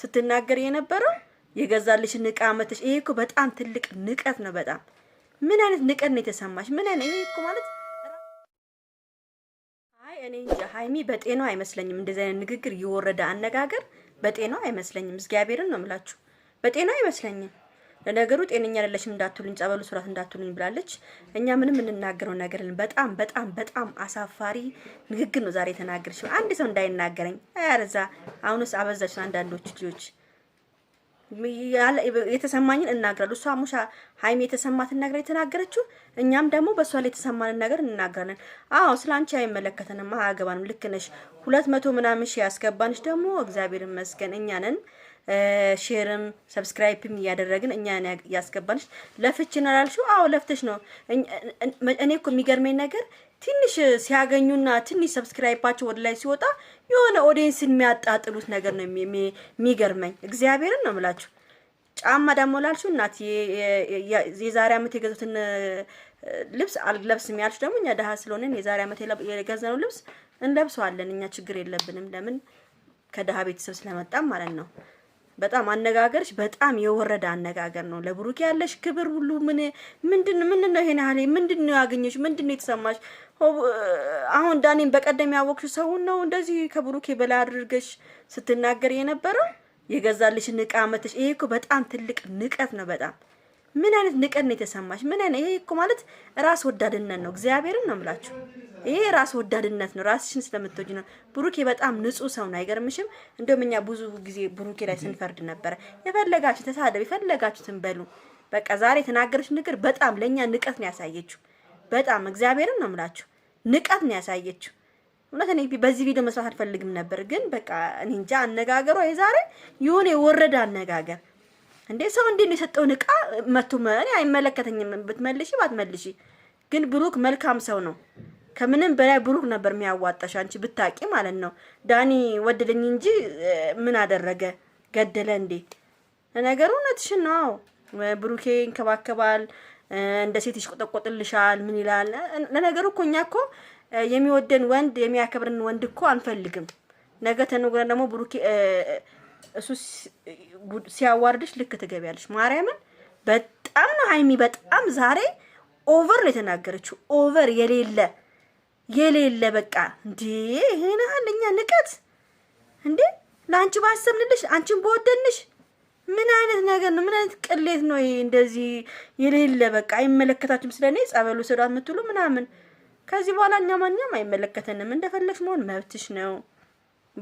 ስትናገር የነበረው የገዛልሽ ንቃ መተሽ። ይሄ እኮ በጣም ትልቅ ንቀት ነው። በጣም ምን አይነት ንቀት ነው የተሰማሽ? ምን አይነት ይሄ እኮ ማለት አይ እኔ እንጃ ሀይሚ በጤናው አይመስለኝም። እንደዚህ አይነት ንግግር፣ የወረደ አነጋገር በጤናው አይመስለኝም። እግዚአብሔርን ነው የምላችሁ፣ በጤናው አይመስለኝም። ለነገሩ ጤነኛ አይደለሽም እንዳትሉኝ፣ ጸበሉ ስራት እንዳትሉኝ ብላለች። እኛ ምንም እንናገረው ነገር በጣም በጣም በጣም አሳፋሪ ንግግር ነው ዛሬ የተናገረች። አንድ ሰው እንዳይናገረኝ አያረዛ። አሁንስ አበዛች። አንዳንዶች ልጆች የተሰማኝን እናገራለሁ። እሷ ሙሻ ሀይሚ የተሰማትን ነገር የተናገረችው፣ እኛም ደግሞ በእሷ ላይ የተሰማንን ነገር እንናገራለን። አዎ ስለ አንቺ አይመለከተንም፣ አያገባንም። ልክ ነሽ። ሁለት መቶ ምናምን ሺ ያስገባንሽ ደግሞ እግዚአብሔር ይመስገን እኛ ሼርም ሰብስክራይብም እያደረግን እኛ ያስገባንሽ። ለፍች ነው ያላልሽው? አዎ ለፍተሽ ነው። እኔ እኮ የሚገርመኝ ነገር ትንሽ ሲያገኙና ትንሽ ሰብስክራይባቸው ወደ ላይ ሲወጣ የሆነ ኦዲየንስን የሚያጣጥሉት ነገር ነው የሚገርመኝ። እግዚአብሔርን ነው የምላችሁ። ጫማ ደግሞ ላልሽው እናት የዛሬ ዓመት የገዙትን ልብስ አልለብስም ያልሽ ደግሞ እኛ ደሀ ስለሆነን የዛሬ ዓመት የገዛነው ልብስ እንለብሰዋለን። እኛ ችግር የለብንም። ለምን ከደሀ ቤተሰብ ስለመጣም ማለት ነው። በጣም አነጋገርሽ በጣም የወረደ አነጋገር ነው። ለብሩክ ያለሽ ክብር ሁሉ ምን ምንድን ምን ነው? ይሄን ያህል ምንድን ነው ያገኘሽ? ምንድን ነው የተሰማሽ? አሁን ዳኔን በቀደም ያወቅሽ ሰውን ነው እንደዚህ ከብሩኬ በላይ አድርገሽ ስትናገር የነበረው የገዛልሽ ንቃመትሽ። ይሄ እኮ በጣም ትልቅ ንቀት ነው። በጣም ምን አይነት ንቀት ነው የተሰማሽ? ምን አይነት ይሄ እኮ ማለት ራስ ወዳድነት ነው። እግዚአብሔርን ነው የምላችሁ። ይሄ ራስ ወዳድነት ነው። ራስሽን ስለምትወጂ ነው። ብሩኬ በጣም ንጹህ ሰው ነው። አይገርምሽም? እንደውም እኛ ብዙ ጊዜ ብሩኬ ላይ ስንፈርድ ነበረ። የፈለጋችሁ ተሳደብ፣ የፈለጋችሁ ትንበሉ። በቃ ዛሬ የተናገረች ንግር በጣም ለእኛ ንቀት ነው ያሳየችው። በጣም እግዚአብሔርን ነው የምላችሁ፣ ንቀት ነው ያሳየችው። እውነት እኔ በዚህ ቪዲዮ መስራት አልፈልግም ነበር፣ ግን በቃ እኔ እንጃ አነጋገሯ የዛሬ የሆነ የወረደ አነጋገር እንዴ! ሰው እንዴ ነው የሰጠውን እቃ መቶ እኔ አይመለከተኝም ብትመልሺ ባትመልሺ፣ ግን ብሩክ መልካም ሰው ነው። ከምንም በላይ ብሩክ ነበር የሚያዋጣሽ አንቺ ብታቂ ማለት ነው። ዳኒ ወደደኝ እንጂ ምን አደረገ ገደለ እንዴ? ለነገሩ እውነትሽን ነው። ብሩኬ ይንከባከባል፣ እንደ ሴት ይሽቆጠቆጥልሻል። ምን ይላል? ለነገሩ እኮ እኛ እኮ የሚወደን ወንድ የሚያከብርን ወንድ እኮ አንፈልግም። ነገ ተነግረን ደግሞ ብሩኬ እሱ ሲያዋርድሽ ልክ ትገቢያለሽ። ማርያምን በጣም ነው ሀይሚ፣ በጣም ዛሬ ኦቨር ነው የተናገረችው ኦቨር የሌለ የሌለ በቃ እንዴ! ይሄን አንደኛ ንቀት እንዴ! ለአንቺ ባሰብንልሽ አንቺን በወደንሽ ምን አይነት ነገር ነው? ምን አይነት ቅሌት ነው ይሄ? እንደዚህ የሌለ በቃ አይመለከታችሁም፣ ስለ እኔ ጸበሉ ስዷት የምትሉ ምናምን። ከዚህ በኋላ እኛ ማንኛም አይመለከተንም፣ እንደፈለግሽ መሆን መብትሽ ነው።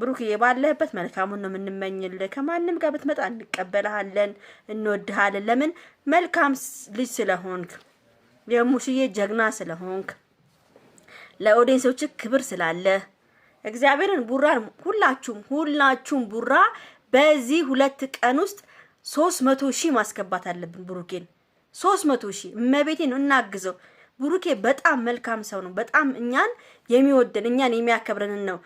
ብሩክዬ ባለህበት መልካሙን ነው የምንመኝልህ። ከማንም ጋር ብትመጣ እንቀበልሃለን፣ እንወድሃለን። ለምን? መልካም ልጅ ስለሆንክ፣ የሙሽዬ ጀግና ስለሆንክ ለኦዲየንሶች ክብር ስላለ እግዚአብሔርን ቡራን ሁላችሁም ሁላችሁም ቡራ በዚህ ሁለት ቀን ውስጥ ሶስት መቶ ሺህ ማስገባት አለብን። ብሩኬን ሶስት መቶ ሺህ እመቤቴን እናግዘው። ብሩኬ በጣም መልካም ሰው ነው። በጣም እኛን የሚወደን እኛን የሚያከብረንን ነው።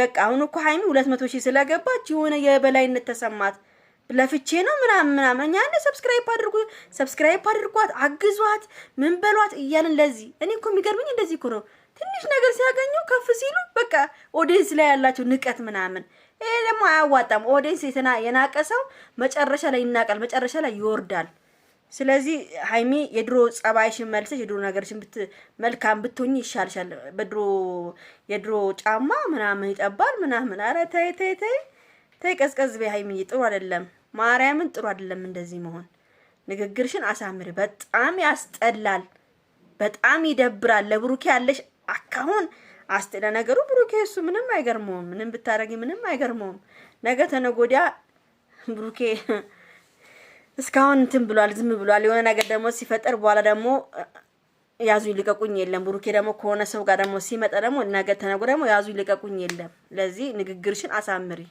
በቃ አሁን እኮ ሀይሚ ሁለት መቶ ሺህ ስለገባች የሆነ የበላይነት ተሰማት። ለፍቼ ነው ምናምን ምናምን እኛ አንድ ሰብስክራይብ አድርጉ ሰብስክራይብ አድርጓት አግዟት ምን በሏት እያልን ለዚህ እኔ እኮ የሚገርምኝ እንደዚህ እኮ ነው። ትንሽ ነገር ሲያገኙ ከፍ ሲሉ በቃ ኦዲንስ ላይ ያላቸው ንቀት ምናምን፣ ይሄ ደግሞ አያዋጣም። ኦዲንስ የትና የናቀ ሰው መጨረሻ ላይ ይናቃል፣ መጨረሻ ላይ ይወርዳል። ስለዚህ ሀይሚ የድሮ ጸባይሽን መልሰሽ የድሮ ነገርሽን ብት መልካም ብትሆኝ ይሻልሻል። በድሮ የድሮ ጫማ ምናምን ይጠባል ምናምን። አረ ተይ ተይ ተይ ተይ ቀዝቀዝ በይ ሀይሚዬ፣ ጥሩ አይደለም። ማርያምን ጥሩ አይደለም እንደዚህ መሆን። ንግግርሽን አሳምሪ። በጣም ያስጠላል፣ በጣም ይደብራል። ለብሩኬ ያለሽ አካሁን አስጠላ ነገሩ። ብሩኬ እሱ ምንም አይገርመውም፣ ምንም ብታረጊ ምንም አይገርመውም። ነገ ተነጎዲያ ብሩኬ እስካሁን እንትን ብሏል፣ ዝም ብሏል። የሆነ ነገር ደግሞ ሲፈጠር በኋላ ደግሞ ያዙኝ ይልቀቁኝ የለም። ብሩኬ ደግሞ ከሆነ ሰው ጋር ደግሞ ሲመጣ ደግሞ ነገ ተነጎ ደግሞ ያዙ ይልቀቁኝ የለም። ለዚህ ንግግርሽን አሳምሪ።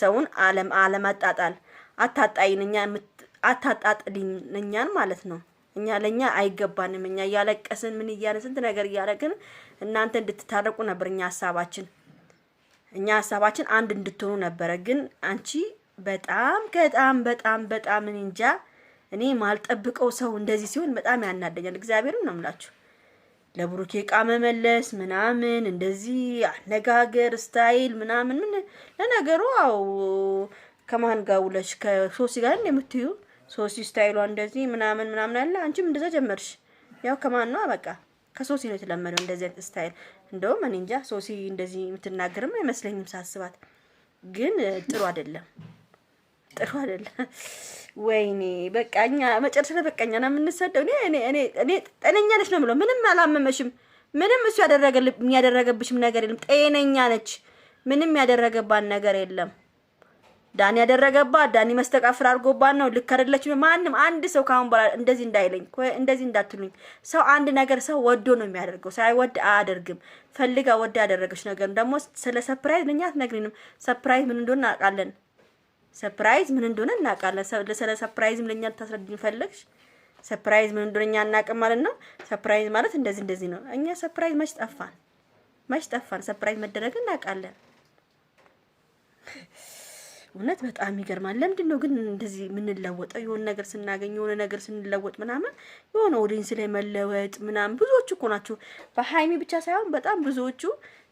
ሰውን አለም አለማጣጣል አታጣይንኛ አታጣጥልኝኛን ማለት ነው። እኛ ለኛ አይገባንም። እኛ እያለቀስን ምን እያለ ስንት ነገር እያደረግን እናንተ እንድትታረቁ ነበር እኛ ሀሳባችን እኛ ሀሳባችን አንድ እንድትሆኑ ነበረ። ግን አንቺ በጣም በጣም በጣም በጣም እንጃ እኔ ማልጠብቀው ሰው እንደዚህ ሲሆን በጣም ያናደኛል። እግዚአብሔርም ነው የምላችሁ። ለብሩኬ ዕቃ መመለስ ምናምን እንደዚህ አነጋገር ስታይል ምናምን ምን ለነገሩ አው ከማን ጋር ውለሽ ከሶሲ ጋር እንደምትዩ ሶሲ ስታይሏ እንደዚህ ምናምን ምናምን አለ። አንቺም እንደዛ ጀመርሽ። ያው ከማን ነው በቃ ከሶሲ ነው የተለመደው እንደዚህ አይነት ስታይል። እንደውም እኔ እንጃ ሶሲ እንደዚህ የምትናገርም አይመስለኝም ሳስባት፣ ግን ጥሩ አይደለም። ጥሩ አይደለም። ወይኔ በቃ እኛ መጨረሻ ላይ በቃ እኛን የምንሰደው እኔ እኔ እኔ ጤነኛ ነች ነው የምለው። ምንም አላመመሽም። ምንም እሱ ያደረገብሽም ነገር የለም። ጤነኛ ነች። ምንም ያደረገባት ነገር የለም። ዳኒ ያደረገባት ዳኒ መስተቃፍር አድርጎባት ነው። ልክ አይደለችም። ማንም አንድ ሰው ካሁን በኋላ እንደዚህ እንዳይለኝ እንደዚህ እንዳትሉኝ። ሰው አንድ ነገር ሰው ወዶ ነው የሚያደርገው፣ ሳይወድ አያደርግም። ፈልጋ ወዳ ያደረገች ነገር ደግሞ ስለ ሰፕራይዝ ለኛ አትነግሪንም። ሰፕራይዝ ምን እንደሆነ አውቃለን። ሰርፕራይዝ ምን እንደሆነ እናውቃለን። ስለ ሰፕራይዝም ለኛ ልታስረድን ፈለግሽ? ሰርፕራይዝ ምን እንደሆነ እኛ አናውቅም ማለት ነው። ሰርፕራይዝ ማለት እንደዚህ እንደዚህ ነው። እኛ ሰርፕራይዝ መች ጠፋን? መች ጠፋን? ሰርፕራይዝ መደረግ እናውቃለን። እውነት በጣም ይገርማል። ለምንድን ነው ግን እንደዚህ የምንለወጠው? የሆነ ነገር ስናገኝ የሆነ ነገር ስንለወጥ ምናምን የሆነ ኦዲንስ ላይ መለወጥ ምናምን ብዙዎቹ እኮ ናቸው። በሀይሚ ብቻ ሳይሆን በጣም ብዙዎቹ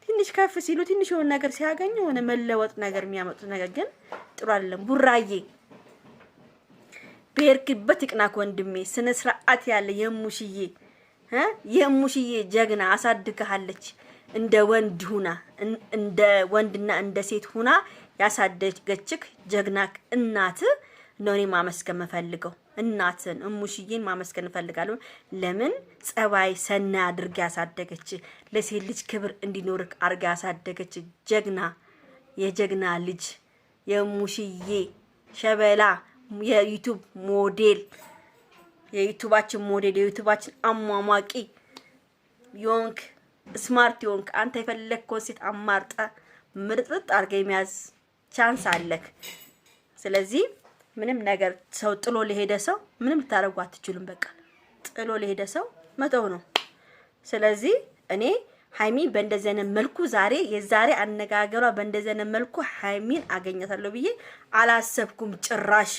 ትንሽ ከፍ ሲሉ ትንሽ የሆነ ነገር ሲያገኙ የሆነ መለወጥ ነገር የሚያመጡት ነገር ግን ጥሩ አይደለም። ቡራዬ በሄድክበት ይቅናክ ወንድሜ። ስነ ስርዓት ያለ የሙሽዬ የሙሽዬ ጀግና አሳድግሃለች። እንደ ወንድ ሁና እንደ ወንድና እንደ ሴት ሁና ያሳደገችክ ጀግናክ እናት ነው። እኔ ማመስገን የምፈልገው እናትን እሙሽዬን ማመስገን እንፈልጋለሁ። ለምን ጸባይ ሰና አድርጋ ያሳደገች፣ ለሴት ልጅ ክብር እንዲኖርክ አድርጋ ያሳደገች ጀግና የጀግና ልጅ የሙሽዬ ሸበላ የዩቱብ ሞዴል የዩቱባችን ሞዴል የዩቱባችን አሟሟቂ ዮንክ ስማርት ዮንክ አንተ የፈለግከውን ሴት አማርጠ ምርጥርጥ አድርገ የሚያዝ ቻንስ አለክ። ስለዚህ ምንም ነገር ሰው ጥሎ ለሄደ ሰው ምንም ልታደርጉ አትችሉም። በቃ ጥሎ ለሄደ ሰው መተው ነው። ስለዚህ እኔ ሀይሚ በእንደዘነ መልኩ ዛሬ የዛሬ አነጋገሯ በእንደዘነ መልኩ ሀይሚን አገኘታለሁ ብዬ አላሰብኩም። ጭራሽ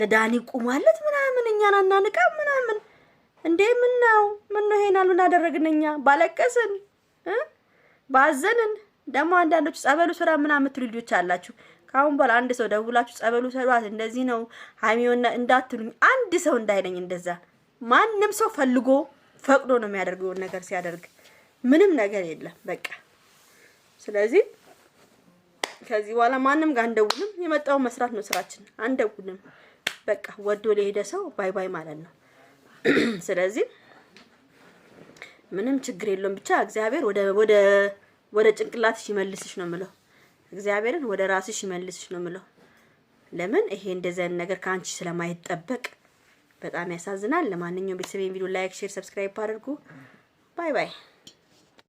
ለዳኒ ቁማለት ምናምን እኛን አናንቃ ምናምን እንዴ ምን ነው ምን ነው ይሄናል ምን አደረግን እኛ ባለቀስን ባዘንን ደግሞ አንዳንዶቹ ጸበሉ ስራ ምናምን የምትሉ ልጆች አላችሁ። ከአሁን በኋላ አንድ ሰው ደውላችሁ ጸበሉ ስሯት እንደዚህ ነው ሀይሚዮና እንዳትሉኝ። አንድ ሰው እንዳይለኝ እንደዛ። ማንም ሰው ፈልጎ ፈቅዶ ነው የሚያደርገውን ነገር ሲያደርግ ምንም ነገር የለም በቃ። ስለዚህ ከዚህ በኋላ ማንም ጋር አንደውልም። የመጣው መስራት ነው ስራችን። አንደውልም በቃ። ወዶ ለሄደ ሰው ባይ ባይ ማለት ነው። ስለዚህ ምንም ችግር የለውም። ብቻ እግዚአብሔር ወደ ወደ ወደ ጭንቅላትሽ ይመልስሽ ነው ምለው እግዚአብሔርን ወደ ራስሽ ይመልስሽ ነው ምለው። ለምን ይሄ እንደዚህ ነገር ከአንቺ ስለማይጠበቅ በጣም ያሳዝናል። ለማንኛውም ቤተሰቤን ቪዲዮ ላይክ፣ ሼር፣ ሰብስክራይብ አድርጉ። ባይ ባይ።